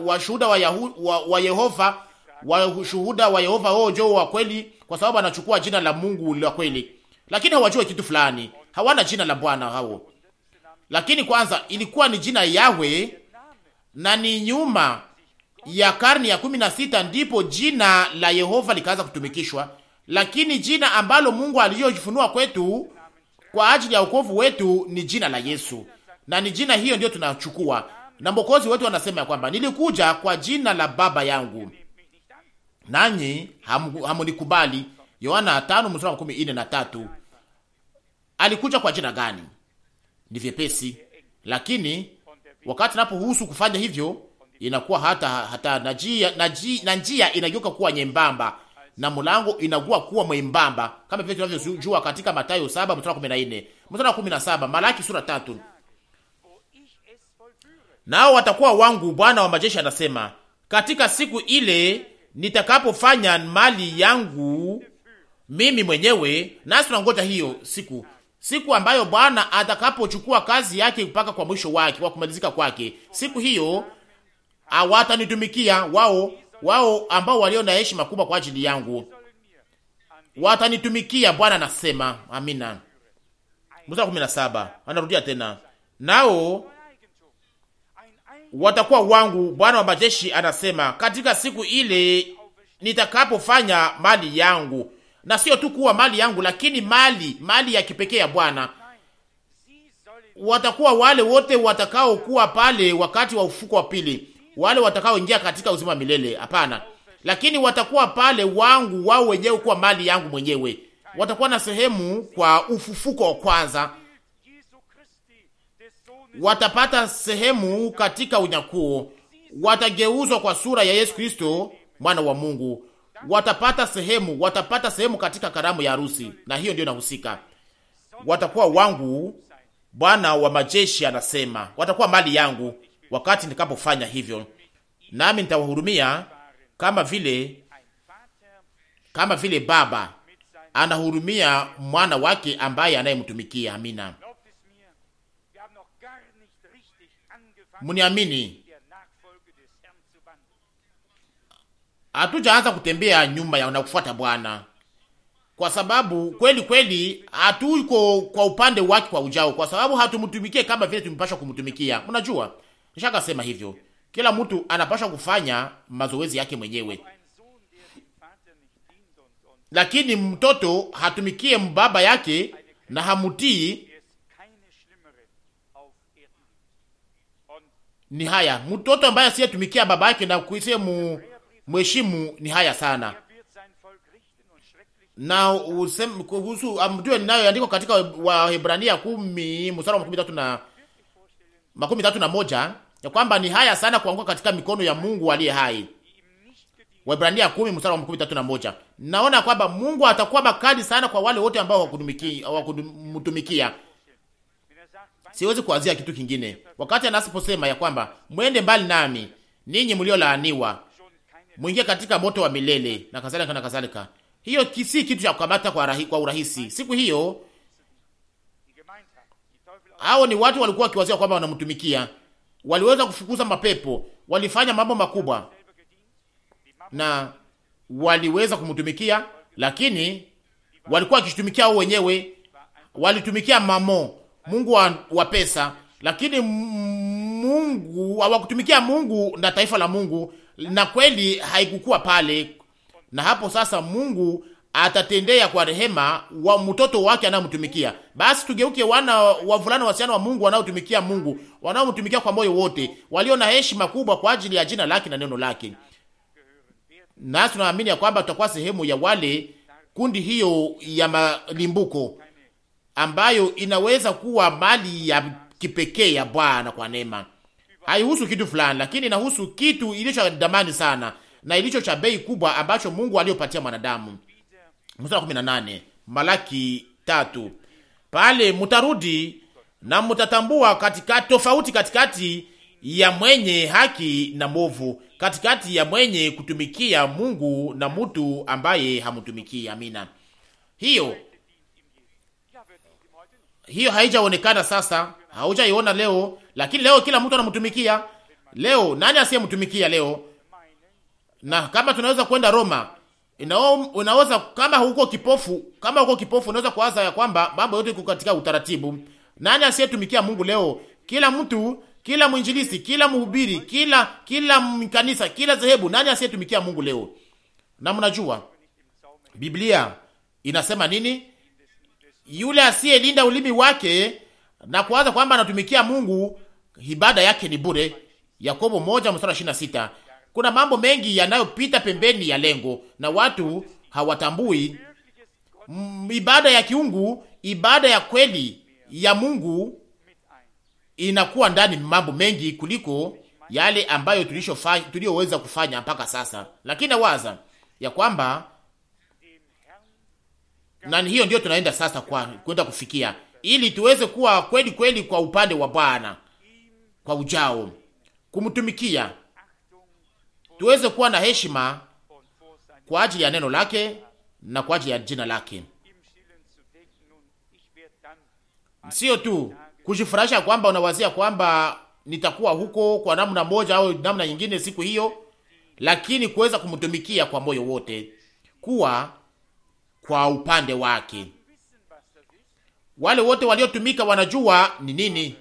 washuhuda wa, wa, wa Yehova washuhuda wa Yehova wao oh, jo wa kweli, kwa sababu anachukua jina la Mungu la kweli, lakini hawajua kitu fulani. Hawana jina la Bwana hao, lakini kwanza ilikuwa ni jina Yawe na ni nyuma ya karne ya kumi na sita ndipo jina la Yehova likaanza kutumikishwa, lakini jina ambalo Mungu aliyojifunua kwetu kwa ajili ya wokovu wetu ni jina la Yesu, na ni jina hiyo ndio tunachukua. Na mwokozi wetu anasema ya kwamba nilikuja kwa jina la baba yangu, nanyi hamunikubali. Yohana 5:13. Alikuja kwa jina gani? Ni vyepesi, lakini wakati napohusu kufanya hivyo inakuwa hata hata na njia na njia inageuka kuwa nyembamba na mlango inakuwa kuwa mwembamba kama vile tunavyojua katika Mathayo 7 mstari 14 mstari 17, Malaki sura 3, Nao watakuwa wangu, Bwana wa majeshi anasema, katika siku ile nitakapofanya mali yangu mimi mwenyewe. Nasi tunangoja hiyo siku, siku ambayo Bwana atakapochukua kazi yake mpaka kwa mwisho wake, kwa kumalizika kwake. Siku hiyo hawatanitumikia wao, wao ambao walio na heshima kubwa kwa ajili yangu watanitumikia, Bwana anasema. Amina. Mstari kumi na saba anarudia tena, nao watakuwa wangu, Bwana wa majeshi anasema, katika siku ile nitakapofanya mali yangu, na sio tu kuwa mali yangu, lakini mali mali ya kipekee ya Bwana. Watakuwa wale wote watakaokuwa pale wakati wa ufuko wa pili wale watakaoingia katika uzima milele. Hapana, lakini watakuwa pale wangu wao wenyewe, kuwa mali yangu mwenyewe, watakuwa na sehemu kwa ufufuko wa kwanza, watapata sehemu katika unyakuo, watageuzwa kwa sura ya Yesu Kristo mwana wa Mungu, watapata sehemu, watapata sehemu katika karamu ya harusi, na hiyo ndio inahusika, Watakuwa wangu, Bwana wa majeshi anasema, watakuwa mali yangu wakati nikapofanya hivyo, nami nitawahurumia kama vile kama vile baba anahurumia mwana wake ambaye anayemtumikia. Amina. Muniamini, hatujaanza kutembea nyuma ya na kufuata Bwana, kwa sababu kweli kweli hatuko kwa upande wake kwa ujao, kwa sababu hatumtumikie kama vile tumepashwa kumtumikia. Unajua sema hivyo, kila mtu anapasha kufanya mazoezi yake mwenyewe, lakini mtoto hatumikie mbaba yake na hamutii. Ni haya mtoto ambaye asiyetumikia baba yake na kuisiye mu mheshimu ni haya sana. Na usem kuhusu amjue ninayoandikwa katika Wahebrania kumi mstari wa makumi tatu na makumi tatu na moja ya kwamba ni haya sana kuanguka katika mikono ya Mungu aliye hai. Waebrania kumi mstari wa makumi tatu na moja. Naona kwamba Mungu atakuwa makali sana kwa wale wote ambao hawakumtumikia. Siwezi kuwazia kitu kingine wakati anasiposema ya kwamba mwende mbali nami ninyi mliolaaniwa, mwingie katika moto wa milele na kadhalika na kadhalika. Hiyo si kitu cha kukamata kwa, kwa urahisi. Siku hiyo hao ni watu walikuwa wakiwazia kwamba wanamtumikia, waliweza kufukuza mapepo, walifanya mambo makubwa na waliweza kumtumikia, lakini walikuwa wakitumikia wao wenyewe, walitumikia mamo Mungu wa, wa pesa, lakini Mungu hawakutumikia Mungu na taifa la Mungu, na kweli haikukuwa pale. Na hapo sasa Mungu atatendea kwa rehema wa mtoto wake anayemtumikia. Basi tugeuke wana wavulana wasichana wa Mungu wanaotumikia Mungu, wanaomtumikia kwa moyo wote, walio na heshima kubwa kwa ajili ya jina lake na neno lake. Nasi tunaamini ya kwamba tutakuwa sehemu ya wale kundi hiyo ya malimbuko ambayo inaweza kuwa mali ya kipekee ya Bwana kwa neema. Haihusu kitu fulani, lakini inahusu kitu ilicho damani sana na ilicho cha bei kubwa ambacho Mungu aliyopatia mwanadamu mstari wa 18 Malaki tatu, pale mutarudi na mutatambua katika tofauti katikati ya mwenye haki na movu katikati ya mwenye kutumikia Mungu na mtu ambaye hamutumikii. Amina. Hiyo hiyo haijaonekana sasa, haujaiona leo, lakini leo kila mtu anamtumikia. Leo nani asiyemtumikia leo? Na kama tunaweza kwenda Roma Unaweza kama huko kipofu, kama huko kipofu, unaweza kuwaza ya kwamba mambo yote yuko katika utaratibu. Nani asiyetumikia Mungu leo? Kila mtu, kila mwinjilisti, kila mhubiri, kila kila mkanisa, kila dhehebu, nani asiyetumikia Mungu leo? Na mnajua Biblia inasema nini? Yule asiyelinda ulimi wake na kuwaza kwamba anatumikia Mungu, ibada yake ni bure. Yakobo 1:26. Kuna mambo mengi yanayopita pembeni ya lengo na watu hawatambui. Ibada ya kiungu, ibada ya kweli ya Mungu inakuwa ndani mambo mengi kuliko yale ambayo tulishofanya tulioweza kufanya mpaka sasa, lakini nawaza ya kwamba na hiyo ndio tunaenda sasa kwa kwenda kufikia, ili tuweze kuwa kweli kweli kwa upande wa Bwana kwa ujao kumtumikia tuweze kuwa na heshima kwa ajili ya neno lake na kwa ajili ya jina lake, sio tu kujifurahisha kwamba unawazia kwamba nitakuwa huko kwa namna moja au namna nyingine siku hiyo, lakini kuweza kumtumikia kwa moyo wote, kuwa kwa upande wake. Wale wote waliotumika wanajua ni nini,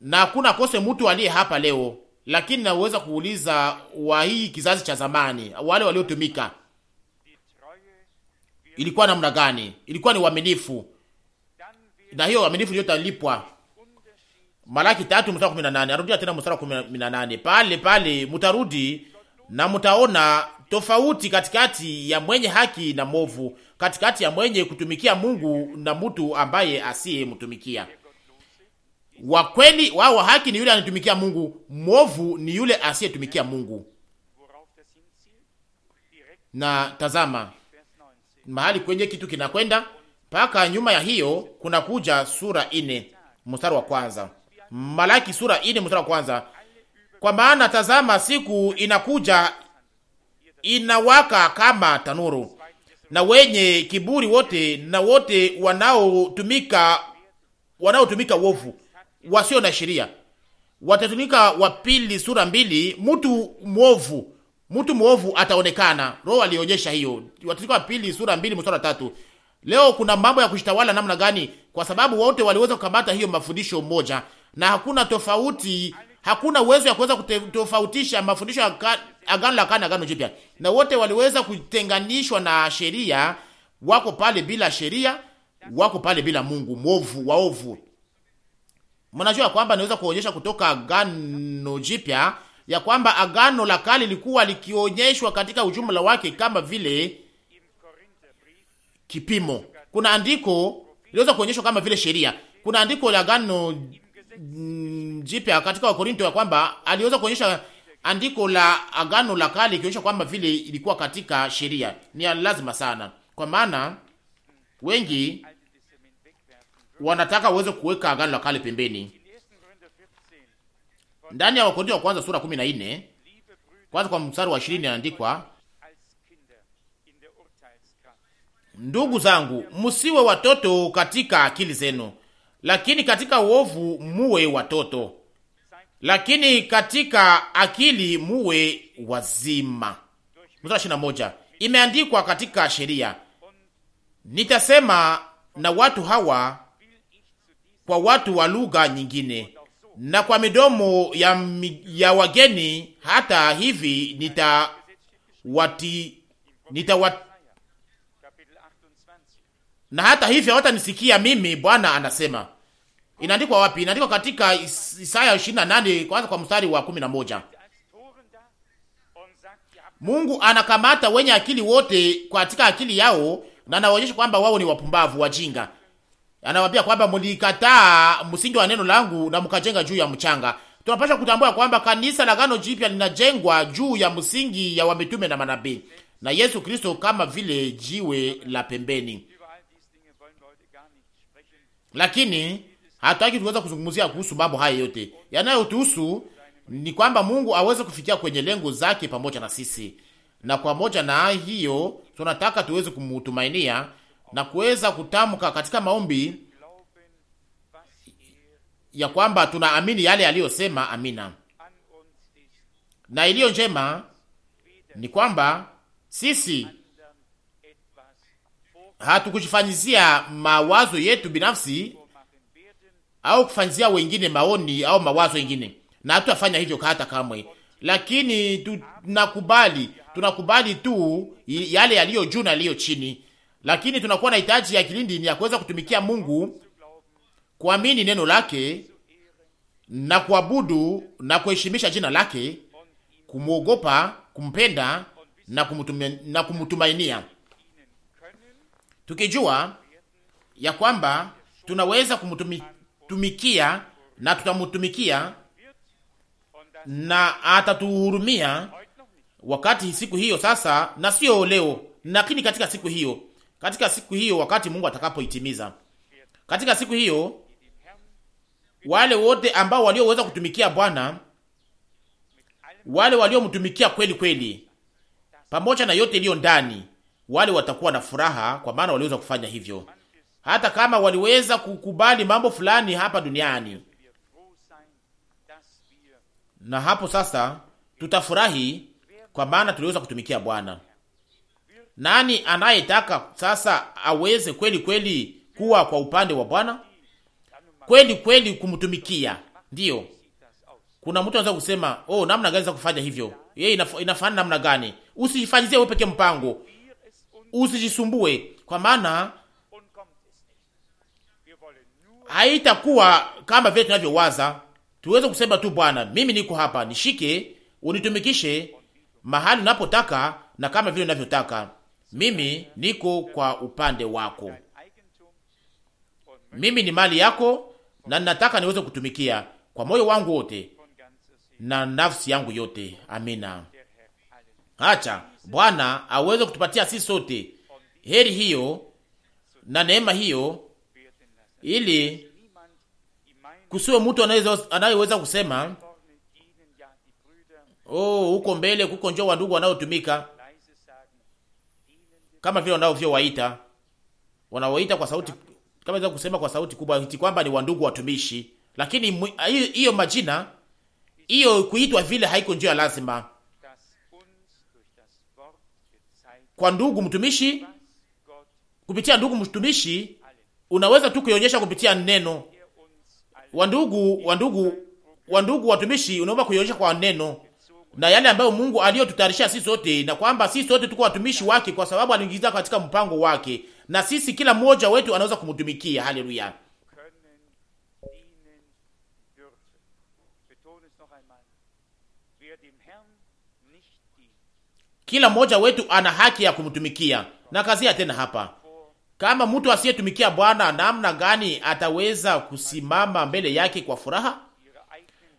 na hakuna kose mtu aliye hapa leo lakini naweza kuuliza wa hii kizazi cha zamani, wale waliotumika, ilikuwa namna gani? Ilikuwa ni uaminifu, na hiyo uaminifu ndio talipwa. Malaki tatu mstari kumi na nane. Arudia tena mstari kumi na nane pale pale, mutarudi na mutaona tofauti katikati ya mwenye haki na mwovu, katikati ya mwenye kutumikia Mungu na mtu ambaye asiyemtumikia. Wa kweli wao wa haki ni yule anatumikia Mungu, mwovu ni yule asiyetumikia Mungu. Na tazama mahali kwenye kitu kinakwenda mpaka nyuma ya hiyo kunakuja sura ine mstari wa kwanza, Malaki sura ine mstari wa kwanza. Kwa maana tazama, siku inakuja inawaka kama tanuru, na wenye kiburi wote na wote wanaotumika wanaotumika wovu wasio na sheria. Wathesalonike wa pili sura mbili, mtu mwovu, mtu mwovu ataonekana. Roho alionyesha hiyo. Wathesalonike wa pili sura mbili mstari tatu. Leo kuna mambo ya kushitawala namna gani? Kwa sababu wote waliweza kukamata hiyo mafundisho moja, na hakuna tofauti, hakuna uwezo ya kuweza kutofautisha mafundisho ya agano la kale, agano jipya, na wote waliweza kutenganishwa na sheria. Wako pale bila sheria, wako pale bila Mungu, mwovu, waovu Mnajua kwamba niweza kuonyesha kutoka Agano Jipya ya kwamba Agano la Kale lilikuwa likionyeshwa katika ujumla wake kama vile kipimo. Kuna andiko liweza kuonyeshwa kama vile sheria. Kuna andiko la Agano Jipya katika Wakorinto ya kwamba aliweza kuonyesha andiko la Agano la Kale ikionyesha kwamba vile ilikuwa katika sheria. Ni lazima sana, kwa maana wengi wanataka uweze kuweka agano la kale pembeni. Ndani ya Wakorintho wa kwanza sura 14 kwanza kwa mstari wa 20 inaandikwa, ndugu zangu, msiwe watoto katika akili zenu, lakini katika uovu muwe watoto, lakini katika akili muwe wazima. Mstari ishirini na moja imeandikwa katika sheria, nitasema na watu hawa kwa watu wa lugha nyingine na kwa midomo ya, ya wageni. Hata hivi nitawati na hata hivi hawatanisikia mimi, Bwana anasema. Inaandikwa wapi? Inaandikwa katika Isaya 28 kwanza kwa mstari wa 11. Mungu anakamata wenye akili wote katika akili yao na anawaonyesha kwamba wao ni wapumbavu, wajinga Anawaambia kwamba mlikataa msingi wa neno langu na mkajenga juu ya mchanga. Tunapaswa kutambua kwamba kanisa la gano Jipya linajengwa juu ya msingi ya wamitume na manabii na Yesu Kristo kama vile jiwe la pembeni, lakini hataki tuweza kuzungumzia kuhusu mambo haya yote. Yanayotuhusu ni kwamba Mungu aweze kufikia kwenye lengo zake pamoja na sisi, na moja na hiyo tunataka tuweze kumtumainia na kuweza kutamka katika maombi ya kwamba tunaamini yale aliyosema. Amina. Na iliyo njema ni kwamba sisi hatukujifanyizia mawazo yetu binafsi au kufanyizia wengine maoni au mawazo mengine, na hatutafanya hivyo hata kamwe, lakini tunakubali tunakubali tu yale yaliyo juu na yaliyo chini lakini tunakuwa na hitaji ya kilindi ya kuweza kutumikia Mungu, kuamini neno lake na kuabudu na kuheshimisha jina lake, kumwogopa, kumpenda na, kumutumia, na kumtumainia, tukijua ya kwamba tunaweza kumtumikia na tutamtumikia na atatuhurumia wakati siku hiyo sasa, na sio leo, lakini katika siku hiyo katika siku hiyo, wakati Mungu atakapoitimiza. Katika siku hiyo wale wote ambao walioweza kutumikia Bwana, wale waliomtumikia kweli kweli, pamoja na yote iliyo ndani, wale watakuwa na furaha, kwa maana waliweza kufanya hivyo, hata kama waliweza kukubali mambo fulani hapa duniani. Na hapo sasa tutafurahi, kwa maana tuliweza kutumikia Bwana. Nani anayetaka sasa aweze kweli kweli kuwa kwa upande wa Bwana, kweli kweli kumtumikia? Ndiyo, kuna mtu anaweza kusema oh, namna gani za kufanya hivyo? Yeye inafanya namna gani? Usijifanyizie wewe pekee mpango, usijisumbue, kwa maana haitakuwa kama vile tunavyowaza. Tuweze kusema tu, Bwana, mimi niko hapa, nishike, unitumikishe mahali unapotaka na kama vile unavyotaka mimi niko kwa upande wako, mimi ni mali yako, na nataka niweze kutumikia kwa moyo wangu wote na nafsi yangu yote. Amina. Acha Bwana aweze kutupatia sisi sote heri hiyo na neema hiyo, ili kusiwe mtu anayeweza kusema oh, huko mbele kuko njoo wandugu wanaotumika kama vile wanavyowaita, wanawaita kwa sauti kama za kusema kwa sauti kubwa hiti kwamba ni wandugu watumishi, lakini hiyo majina hiyo kuitwa vile haiko njia lazima kwa ndugu mtumishi. Kupitia ndugu mtumishi unaweza tu kuionyesha kupitia neno wandugu, wandugu, wandugu watumishi, unaomba kuionyesha kwa neno na yale ambayo Mungu aliyotutayarisha sisi sote, na kwamba sisi sote tuko watumishi wake, kwa sababu aliingiza katika mpango wake, na sisi kila mmoja wetu anaweza kumtumikia. Haleluya! Kila mmoja wetu ana haki ya kumtumikia. Na kazia tena hapa, kama mtu asiyetumikia Bwana, namna gani ataweza kusimama mbele yake kwa furaha?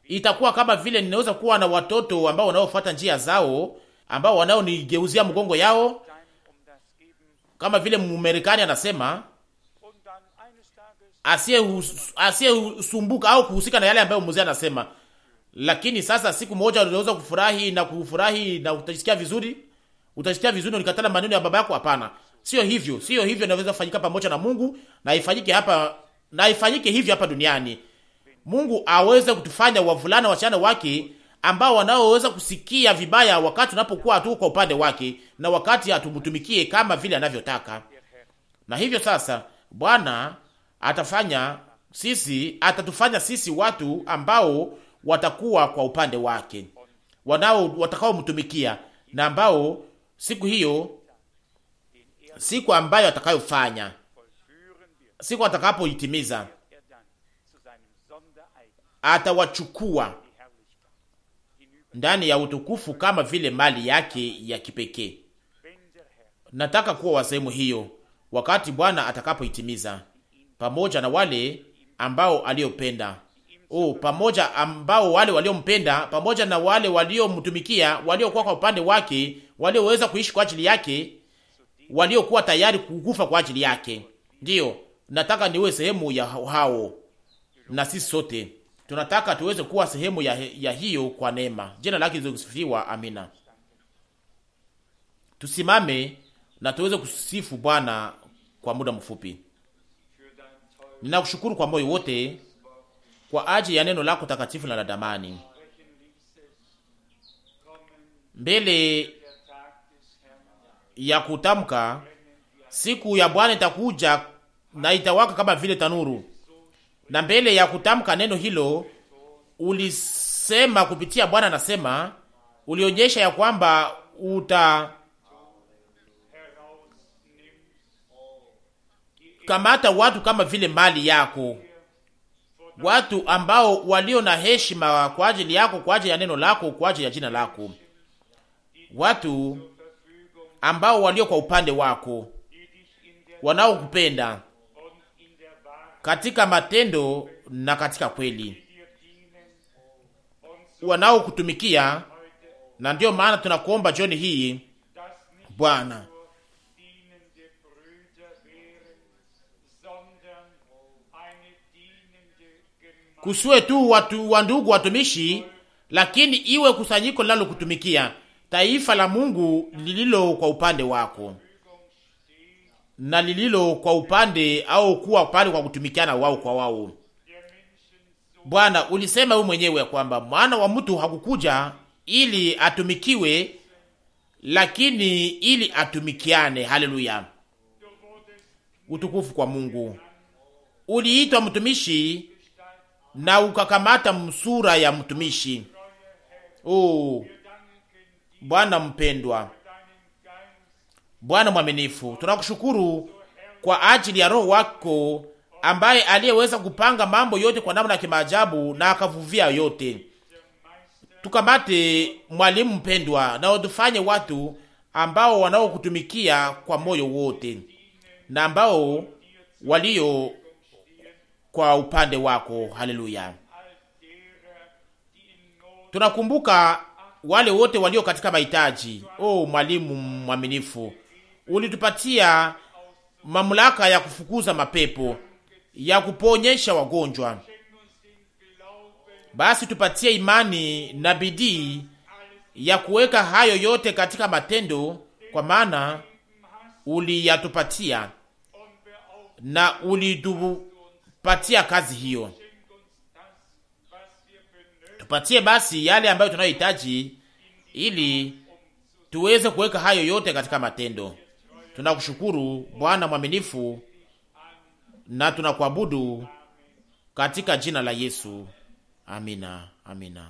itakuwa kama vile ninaweza kuwa na watoto ambao wanaofuata njia zao, ambao wanaonigeuzia mgongo yao, kama vile Mmarekani anasema asiye asiye sumbuka au kuhusika na yale ambayo mzee anasema. Lakini sasa siku moja unaweza kufurahi na kufurahi na utajisikia vizuri, utajisikia vizuri, ukikatana maneno ya baba yako? Hapana, sio hivyo, sio hivyo. Inaweza kufanyika pamoja na Mungu na ifanyike hapa na ifanyike hivyo hapa duniani. Mungu aweze kutufanya wavulana wasichana wake ambao wanaoweza kusikia vibaya wakati tunapokuwa tu kwa upande wake na wakati atumtumikie kama vile anavyotaka. Na hivyo sasa Bwana atafanya sisi, atatufanya sisi watu ambao watakuwa kwa upande wake, wanao watakaomtumikia na ambao siku hiyo, siku ambayo atakayofanya, siku atakapoitimiza atawachukua ndani ya utukufu kama vile mali yake ya kipekee. Nataka kuwa wa sehemu hiyo wakati Bwana atakapoitimiza pamoja na wale ambao aliopenda. Oh, pamoja ambao wale waliompenda, pamoja na wale waliomtumikia, waliokuwa kwa upande wake, walioweza kuishi kwa ajili yake, waliokuwa tayari kukufa kwa ajili yake. Ndiyo, nataka niwe sehemu ya hao na sisi sote. Tunataka tuweze kuwa sehemu ya, ya hiyo kwa neema. Jina lake lizokusifiwa, amina. Tusimame na tuweze kusifu Bwana kwa muda mfupi. Ninakushukuru kwa moyo wote kwa ajili ya neno lako takatifu na la damani. Mbele ya kutamka siku ya Bwana itakuja na itawaka kama vile tanuru na mbele ya kutamka neno hilo ulisema kupitia Bwana anasema, ulionyesha ya kwamba uta kamata watu kama vile mali yako, watu ambao walio na heshima kwa ajili yako, kwa ajili ya neno lako, kwa ajili ya jina lako, watu ambao walio kwa upande wako, wanaokupenda katika matendo na katika kweli, wanaokutumikia. Na ndiyo maana tunakuomba jioni hii Bwana, kusiwe tu watu wa ndugu watumishi, lakini iwe kusanyiko linalokutumikia, taifa la Mungu lililo kwa upande wako na lililo kwa upande au kuwa pale kwa kutumikiana wao kwa wao. Bwana, ulisema wewe mwenyewe ya kwamba mwana wa mtu hakukuja ili atumikiwe, lakini ili atumikiane. Haleluya, utukufu kwa Mungu. Uliitwa mtumishi na ukakamata msura ya mtumishi. Oh, Bwana mpendwa Bwana mwaminifu, tunakushukuru kwa ajili ya Roho wako ambaye aliyeweza kupanga mambo yote kwa namna ya kimaajabu na akavuvia yote. Tukamate mwalimu mpendwa, na watufanye watu ambao wanaokutumikia kwa moyo wote na ambao walio kwa upande wako. Haleluya! Tunakumbuka wale wote walio katika mahitaji. Oh, mwalimu mwaminifu, ulitupatia mamlaka ya kufukuza mapepo, ya kuponyesha wagonjwa. Basi tupatie imani na bidii ya kuweka hayo yote katika matendo, kwa maana uliyatupatia na ulitupatia kazi hiyo. Tupatie basi yale ambayo tunayohitaji, ili tuweze kuweka hayo yote katika matendo. Tunakushukuru Bwana mwaminifu na tunakuabudu katika jina la Yesu. Amina, amina.